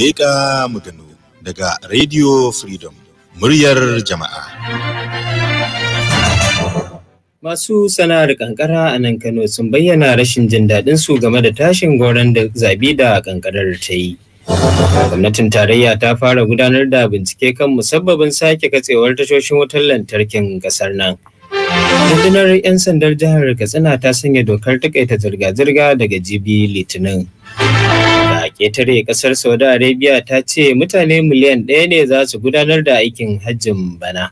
daga Radio Freedom muryar jama'a. Masu sana'ar kankara a nan Kano sun bayyana rashin jin daɗin su game da tashin goron da zabi da kankarar ta yi. Gwamnatin tarayya ta fara gudanar da bincike kan musabbabin sake katsewar tashoshin wutar lantarkin ƙasar nan. Rundunar 'yan sandar jihar Katsina ta sanya dokar takaita zirga-zirga daga jibi Litinin. ƙetare ƙasar saudi arabia ta ce mutane miliyan ɗaya ne za su gudanar da aikin hajjin bana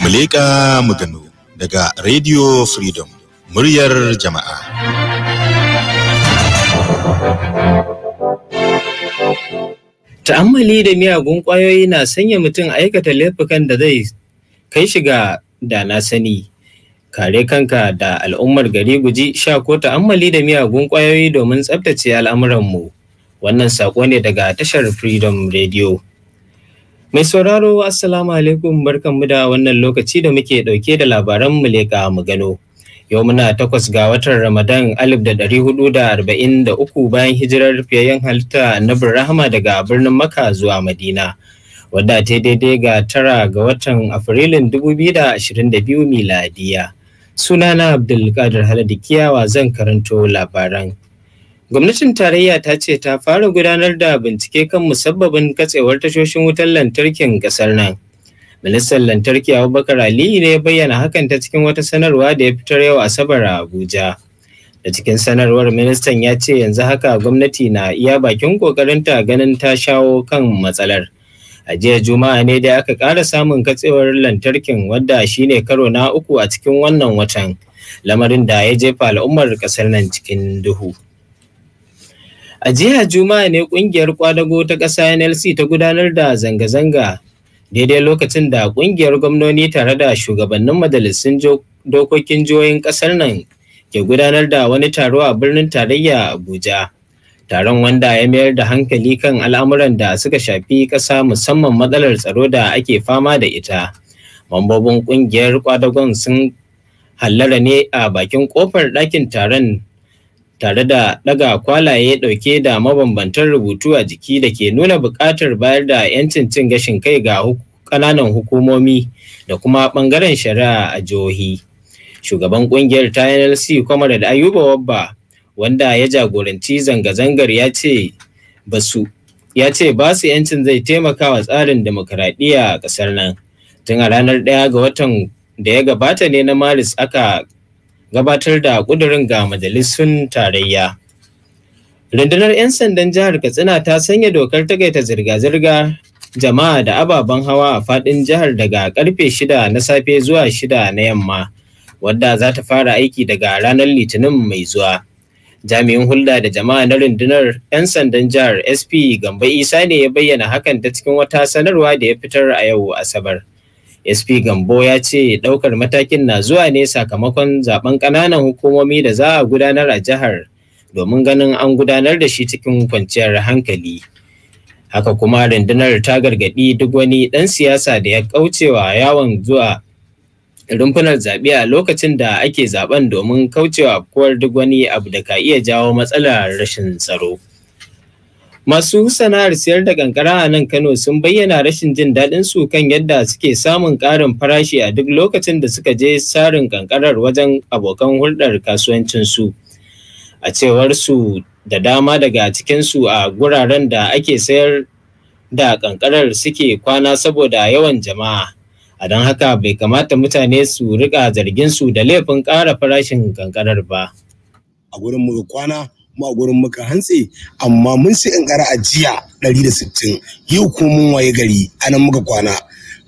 Muleka Mugano daga Radio Freedom muryar jama'a. Ta'ammali da miyagun ƙwayoyi na sanya mutum aikata laifukan da zai kai shiga da na sani kare kanka da al'ummar gari guji sha ko ta'ammali da miyagun kwayoyi domin tsabtace al'amuranmu wannan saƙo ne daga tashar freedom radio mai sauraro assalamu alaikum barkanmu da wannan lokaci da muke ɗauke da labaran mu leƙa mu gano yau muna takwas ga watan ramadan alif da ɗari hudu da arba'in da uku bayan hijirar fiyayyen halitta na rahama daga birnin maka zuwa madina wadda ta daidai ga tara ga watan afrilun 2022 miladiya. Sunana Abdulkadir Haladi Kiyawa zan karanto labaran. Gwamnatin tarayya ta ce ta fara gudanar da bincike kan musabbabin katsewar tashoshin wutar lantarkin ƙasar nan. Ministan lantarki Abubakar Aliyu ne ya bayyana hakan ta cikin wata sanarwa da ya fitar yau Asabar a Abuja. Da cikin sanarwar ministan ya ce yanzu haka gwamnati na iya bakin ƙoƙarinta ganin ta shawo kan matsalar. a jiya juma'a ne da aka ƙara samun katsewar lantarkin wadda shine karo na uku a cikin wannan watan lamarin da ya jefa al'ummar ƙasar nan cikin duhu a jiya juma'a ne ƙungiyar kwadago ta ƙasa nlc ta gudanar da zanga-zanga daidai lokacin da ƙungiyar gwamnoni tare da shugabannin majalisun dokokin jihohin ƙasar nan ke gudanar da wani taro a birnin tarayya abuja taron wanda ya mayar da hankali kan al'amuran da suka shafi ƙasa musamman matsalar tsaro da ake fama da ita mambobin ƙungiyar kwadagon sun hallara ne a bakin ƙofar ɗakin taron tare da ɗaga kwalaye ɗauke da mabambantan rubutu a jiki da ke nuna buƙatar bayar da 'yancin cin gashin kai ga ƙananan hukumomi da kuma ɓangaren shari'a a jihohi shugaban ƙungiyar ta nlc kwamar da ayuba wabba wanda ya jagoranci zanga-zangar ya ce ba su ya ce ba su yancin zai taimaka wa tsarin demokaradiyya a ƙasar nan tun a ranar ɗaya ga watan da ya gabata ne na maris aka gabatar da ƙudurin ga majalisun tarayya rundunar 'yan sandan jihar katsina ta sanya dokar takaita zirga-zirga jama'a da ababen hawa a faɗin jihar daga karfe shida na safe zuwa shida na yamma wadda za ta fara aiki daga ranar litinin mai zuwa jami'in hulɗa da jama'a na rundunar 'yan sandan jihar sp Gambo isa ne ya bayyana hakan ta cikin wata sanarwa da ya fitar a yau asabar sp gambo ya ce ɗaukar matakin na zuwa ne sakamakon zaben ƙananan hukumomi da za a gudanar a jihar domin ganin an gudanar da shi cikin kwanciyar hankali haka kuma rundunar ta gargaɗi duk wani ɗan siyasa da ya kaucewa yawon zuwa rumfunar zaɓe a lokacin da ake zaɓen domin kaucewa afkuwar duk wani abu da ka iya jawo matsalar rashin tsaro. Masu sana'ar siyar da kankara a nan Kano sun bayyana rashin jin daɗin su kan yadda suke samun ƙarin farashi a duk lokacin da suka je sarin kankarar wajen abokan hulɗar kasuwancin su. A cewar su da dama daga cikinsu a guraren da ake sayar da kankarar suke kwana saboda yawan jama'a. a don haka bai kamata mutane su rika zargin su da laifin ƙara farashin kankarar ba a gurin muka kwana mu a gurin muka hantsi amma mun sai in ƙara ajiya 160 yau ko mun waye gari anan muka kwana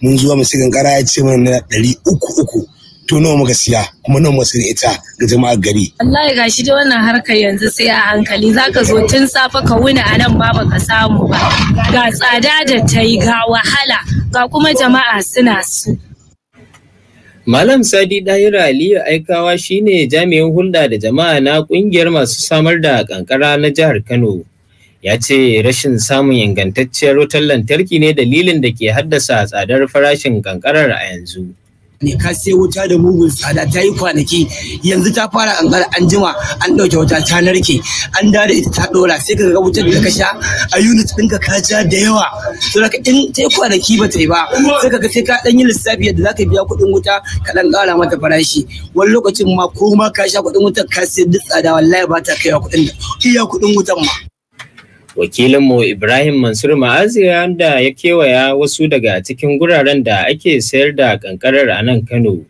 mun zuwa mu sai ƙara ya ce mana uku-uku, to nawa muka siya kuma nawa muka siya ita ga jama'ar gari. Wallahi gashi da wannan harkar yanzu sai a hankali zaka zo tun safe ka wuni a nan ba ka samu ba. Ga tsada da ta yi ga wahala ga kuma jama'a suna su. Malam Sadi Dahira Aliyu Aikawa shine jami'in hulɗa da jama'a na ƙungiyar masu samar da ƙanƙara na jihar Kano. Ya ce rashin samun ingantacciyar wutar lantarki ne dalilin da ke haddasa tsadar farashin ƙanƙarar a yanzu. ne ka sai wuta da mugun tsada ta yi kwanaki yanzu ta fara an gara an jima an ɗauke wuta ta narke an da ita ta ɗora sai ka ga wutar da ka sha a unit ɗinka ka ja da yawa to da in ta yi kwanaki ba ta yi ba sai ka ga sai ka ɗan yi lissafi yadda za ka biya kuɗin wuta ka ɗan ƙara mata farashi wani lokacin ma ko ma ka sha kuɗin wutar ka sai duk tsada wallahi ba ta kaiwa kuɗin iya kuɗin wutan ma. wakilinmu ibrahim mansur ma'azi da ya kewaya wasu daga cikin guraren da ake sayar da kankarar a nan kano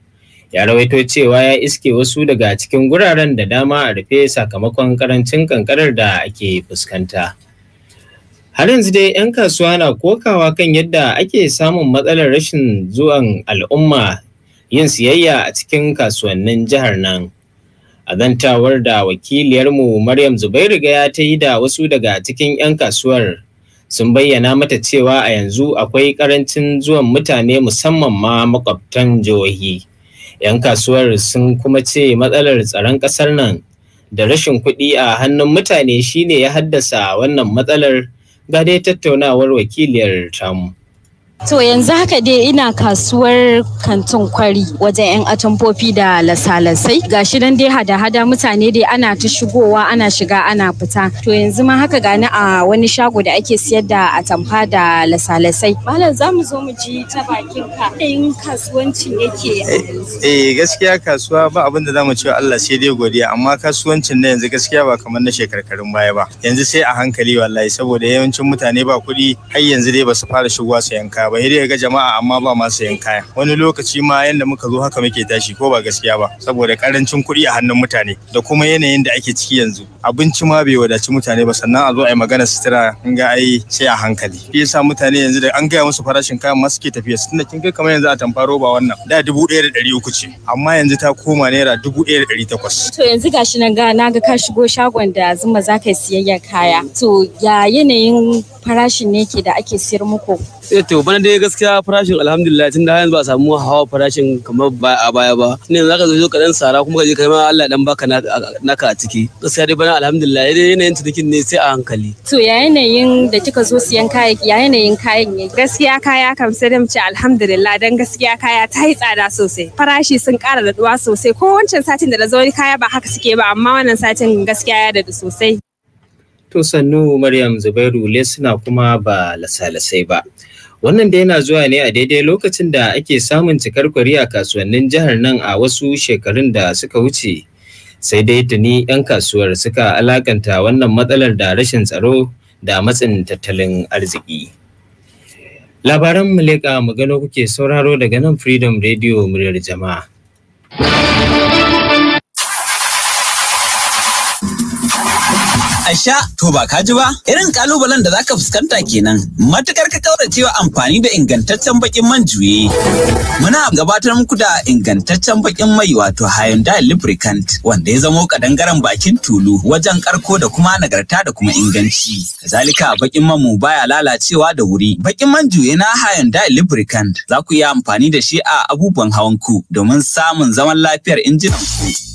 ya rawaito cewa ya iske wasu daga cikin guraren da dama a rufe sakamakon karancin kankarar da ake fuskanta har yanzu dai 'yan kasuwa na kokawa kan yadda ake samun matsalar rashin zuwan al'umma yin siyayya a cikin kasuwannin jihar nan a zantawar da wakiliyarmu Maryam Zubairu ya ta yi da wasu daga cikin 'yan kasuwar sun bayyana mata cewa a yanzu akwai karancin zuwan mutane musamman ma makwabtan jihohi. 'Yan kasuwar sun kuma ce matsalar tsaron ƙasar nan da rashin kuɗi a hannun mutane shine ya haddasa wannan matsalar ga dai tattaunawar wakiliyar tamu. To yanzu haka dai ina kasuwar kantin kwari wajen 'yan atamfofi da lasalasai. Gashi nan dai hada-hada mutane dai ana ta shigowa ana shiga ana fita. To yanzu ma haka gani a wani shago da ake siyar da atamfa da lasalasai. Malam za mu zo mu ji ta bakin ka yin kasuwanci yake. Eh, eh gaskiya kasuwa ba abin da zamu ce Allah sai dai godiya amma kasuwancin na yanzu gaskiya ba kamar na shekarkarun baya ba. Yanzu sai a hankali wallahi saboda yawancin mutane ba kuɗi har yanzu dai ba su fara shigowa yanka yanka ba ya ga jama'a amma ba ma sayan kaya wani lokaci ma yanda muka zo haka muke tashi ko ba gaskiya ba saboda karancin kuɗi a hannun mutane da kuma yanayin da ake ciki yanzu abinci ma bai wadaci mutane ba sannan a zo a yi magana sutura in ga ai sai a hankali shi yasa mutane yanzu da an gaya musu farashin kayan ma suke tafiya tunda kin kai kamar yanzu a tamfa ba wannan da dubu ɗaya da ɗari uku ce amma yanzu ta koma naira dubu ɗaya da ɗari takwas. to yanzu gashi na ga na ga ka shigo shagon da zuma za ka yi kaya to ya yanayin farashin ne ke da ake siyar muku? Eh to bana dai gaskiya farashin alhamdulillah tun da yanzu ba a samu hawa farashin kamar a baya ba. Ne yanzu zaka zo ka dan sara kuma ka je kai ma Allah dan baka naka a ciki. Gaskiya dai bana alhamdulillah dai yanayin cinikin ne sai a hankali. To ya yanayin da kika zo siyan kayan ya yanayin kayan ne? Gaskiya kaya kam sai da ce alhamdulillah dan gaskiya kaya ta yi tsada sosai. Farashi sun ƙara daɗuwa sosai ko wancan satin da na zo kaya ba haka suke ba amma wannan satin gaskiya ya daɗu sosai. To sannu Maryam Zubairu lesuna kuma ba lasalasai ba. Wannan da yana zuwa ne a daidai lokacin da ake samun cikar kwari a kasuwannin jihar nan a wasu shekarun da suka wuce. Sai dai tuni 'yan kasuwar suka alakanta wannan matsalar da rashin tsaro da matsin tattalin arziki. Labaran Muleka magana kuke sauraro daga nan Freedom Radio muryar jama'a. sha to ba ka ji ba irin kalubalen da zaka fuskanta kenan matukar ka kauracewa amfani da ingantaccen bakin man juye muna gabatar muku da ingantaccen bakin mai wato Hyundai lubricant wanda ya zamo kadangaren bakin tulu wajen karko da kuma nagarta da kuma inganci kazalika bakin man mu baya lalacewa da wuri bakin man juye na Hyundai lubricant za ku iya amfani da shi a abubuwan hawan ku domin samun zaman lafiyar injinan ku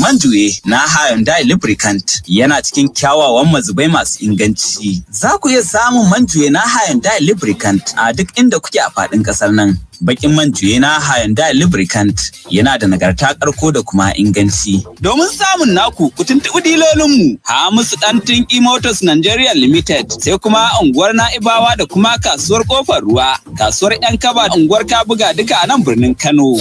Manjuye na Hyundai Lubricant yana cikin kyawawan mazubai masu inganci. Za ku iya samun manjuye na Hyundai Lubricant a duk inda kuke a faɗin ƙasar nan. Bakin manjuye na Hyundai Lubricant yana da nagarta karko da kuma inganci. Domin samun naku ku tuntuɓi dilolinmu Hamisu Ɗantin Motors Nigeria Limited sai kuma unguwar Na'ibawa da kuma kasuwar Ƙofar Ruwa, kasuwar 'yan kaba unguwar Kabuga duka a nan birnin Kano.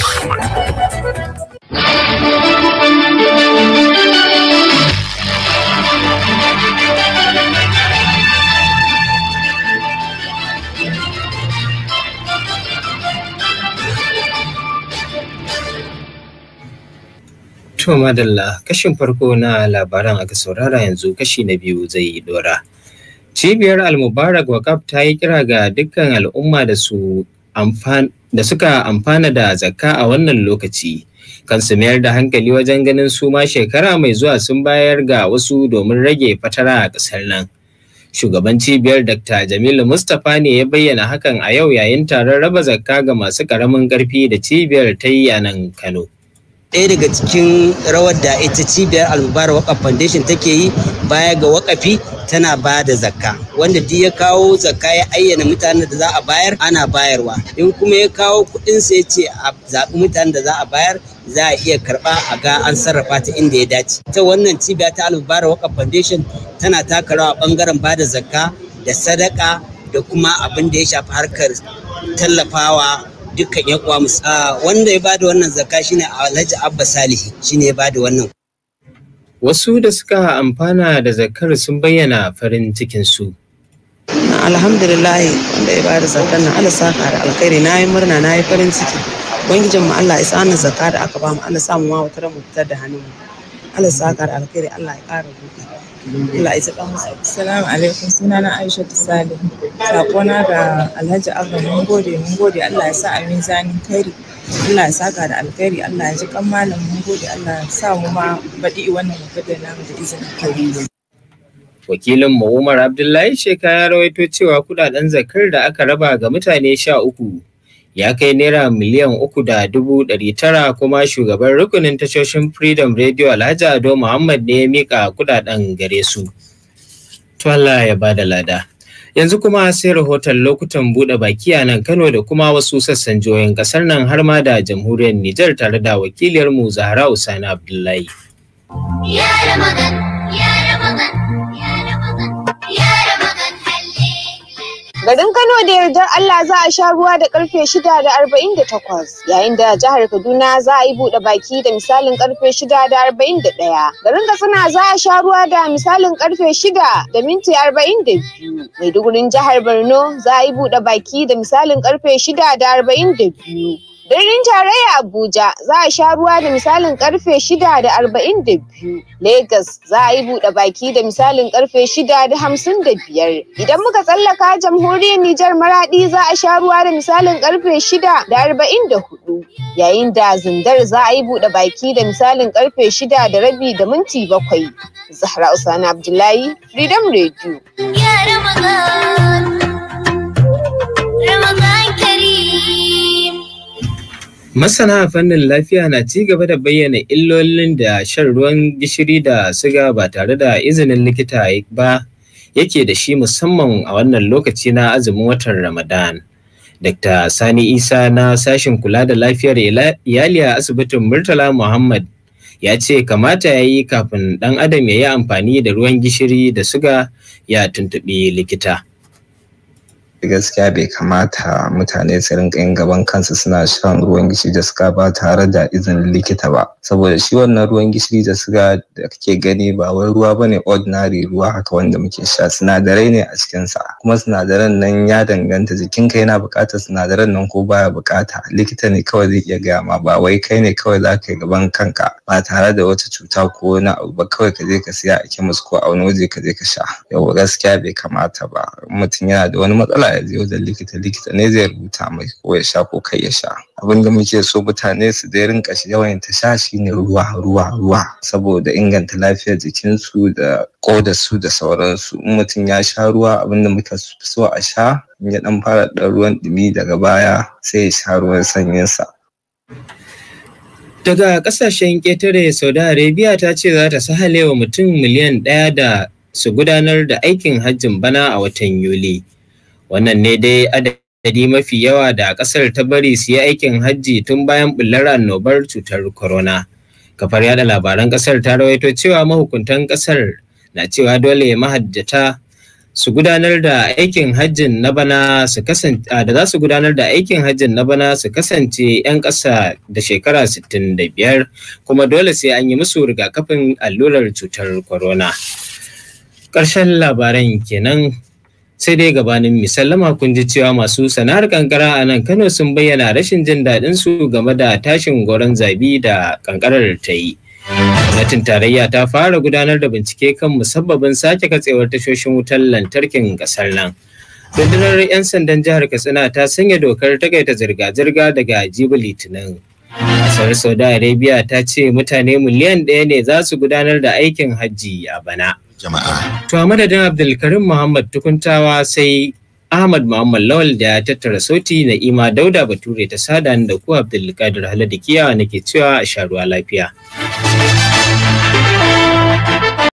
To madalla kashin farko na labaran aka saurara yanzu kashi na biyu zai yi dora. Cibiyar Al-Mubarak Wakaf ta yi kira ga dukkan al'umma da suka amfana da zakka a wannan lokaci kan su mayar da hankali wajen ganin su ma shekara mai zuwa sun bayar ga wasu domin rage fatara a ƙasar nan. Shugaban cibiyar Dr. Jamilu Mustapha ne ya bayyana hakan a yau yayin taron raba zakka ga masu ƙaramin ƙarfi da cibiyar ta yi a nan Kano. ɗaya daga cikin rawar da ita cibiyar almubarak wakaf foundation take yi baya ga wakafi tana ba da zakka wanda duk ya kawo zakka ya ayyana mutanen da za a bayar ana bayarwa in kuma ya kawo kuɗin sa ce a zaɓi mutanen da za a bayar za a iya karɓa a ga an sarrafa ta inda ya dace ta wannan cibiya ta almubarak wakaf foundation tana taka rawa bangaren ba da zakka da sadaka da kuma abin da ya shafi harkar tallafawa dukkan ya yan musu. Ah, wanda ya bada wannan zakka shine Alhaji Abba Salihu shine ya bada wannan wasu da suka amfana da zakkar sun bayyana farin cikin su alhamdulillah wanda ya bada zakkar nan Allah saka da alkhairi nayi murna nayi farin ciki bangijin mu Allah ya sanar zakka da aka ba mu Allah sa mu ma wata mu fitar da hannu. Allah saka da alkhairi Allah ya kara buɗe Allah isa ɗan Assalamu alaikum suna na Aisha Sale. Saƙona ga Alhaji Abba mun gode mun gode Allah ya sa a mizanin kairi. Allah ya saka da alkhairi Allah ya ji kan malam mun gode Allah ya sa mu ma baɗi wannan mafadar namu da izinin kai. Wakilin mu Umar Abdullahi Sheka ya rawaito cewa kuɗaɗen zakar da aka raba ga mutane sha uku ya kai naira miliyan uku da dubu ɗari tara kuma shugaban rukunin tashoshin freedom radio alhaji ado muhammad ne ya mika kudaden gare su allah ya da lada yanzu kuma sai rahoton lokutan buɗe baki a nan kano da kuma wasu sassan jihohin ƙasar nan har ma da jamhuriyar nijar tare da wakiliyarmu zahra usani abdullahi ya Garin Kano da yardar Allah za a sha ruwa da karfe shida yayin da jihar Kaduna za a yi buɗe baki da misalin karfe shida Garin Katsina za a sha ruwa da misalin karfe shida da minti jihar Borno za a yi buɗe baki da misalin karfe shida Birnin tarayya Abuja za a sha ruwa da misalin karfe biyu, Legas za a yi buɗe baki da misalin karfe biyar, Idan muka tsallaka jamhuriyar Nijar Maraɗi za a sha ruwa da misalin karfe huɗu yayin da Zindar za a yi buɗe baki da misalin karfe shida da rabi da minti bakwai. Zahra Usman Abdullahi, Freedom Radio. Masana fannin lafiya na ci gaba da bayyana illolin da shan ruwan gishiri da suga ba tare da izinin likita ba yake da shi musamman a wannan lokaci na azumin watan Ramadan. Dr. Sani Isa na sashin kula da lafiyar iyali a asibitin Murtala Muhammad ya ce kamata ya yi kafin ɗan adam ya yi amfani da ruwan gishiri da suga ya tuntuɓi likita. gaskiya bai kamata mutane su rinka yin gaban kansu suna shan ruwan gishiri da suka ba tare da izinin likita ba saboda shi wannan ruwan gishiri da suka da kake gani ba wai ruwa bane ordinary ruwa haka wanda muke sha sinadarai ne a cikin sa kuma sinadaran nan ya danganta jikinka yana buƙatar sinadaran nan ko baya buƙata likita ne kawai zai iya gaya ma ba wai kai ne kawai za ka yi gaban kanka ba tare da wata cuta ko wani abu ba kawai ka je ka siya a kemis ko a wani waje ka je ka sha yau gaskiya bai kamata ba mutum yana da wani matsala ya je wajen likita likita ne zai rubuta mai ko ya sha ko kai ya sha abin da muke so mutane su dai rinka yawan ta sha ne ruwa ruwa ruwa saboda inganta lafiyar jikinsu da kodarsu da sauransu in mutum ya sha ruwa abin da muke so a sha ya dan fara dan ruwan dumi daga baya sai ya sha ruwan sanyinsa daga kasashen ƙetare saudi arabia ta ce za ta sahalewa mutum miliyan ɗaya da su gudanar da aikin hajjin bana a watan yuli wannan ne dai adadi mafi yawa da ƙasar ta bari su yi aikin hajji tun bayan bullar annobar cutar corona kafar yada labaran ƙasar ta rawaito cewa mahukuntan ƙasar na cewa dole mahajjata su gudanar da aikin hajjin na bana su kasance da za su gudanar da aikin hajjin na bana su kasance 'yan ƙasa da shekara 65 kuma dole sai an yi musu rigakafin allurar cutar corona. Ƙarshen labaran kenan sai dai gabanin misallama kun ji cewa masu sana'ar kankara a nan kano sun bayyana rashin jin daɗin su game da tashin goron zabi da kankarar ta yi gwamnatin tarayya ta fara gudanar da bincike kan musabbabin sake katsewar tashoshin wutar lantarkin kasar nan rundunar 'yan sandan jihar katsina ta sanya dokar takaita zirga-zirga daga jibi litinin kasar saudi arabia ta ce mutane miliyan ɗaya ne za su gudanar da aikin hajji a bana jama'a. To a madadin Abdulkarim Muhammad tukuntawa sai Ahmad Muhammad Lawal da ya tattara sauti na Ima Dauda Bature ta sada da ku Abdulkadir Haladikiya nake cewa a sha ruwa lafiya.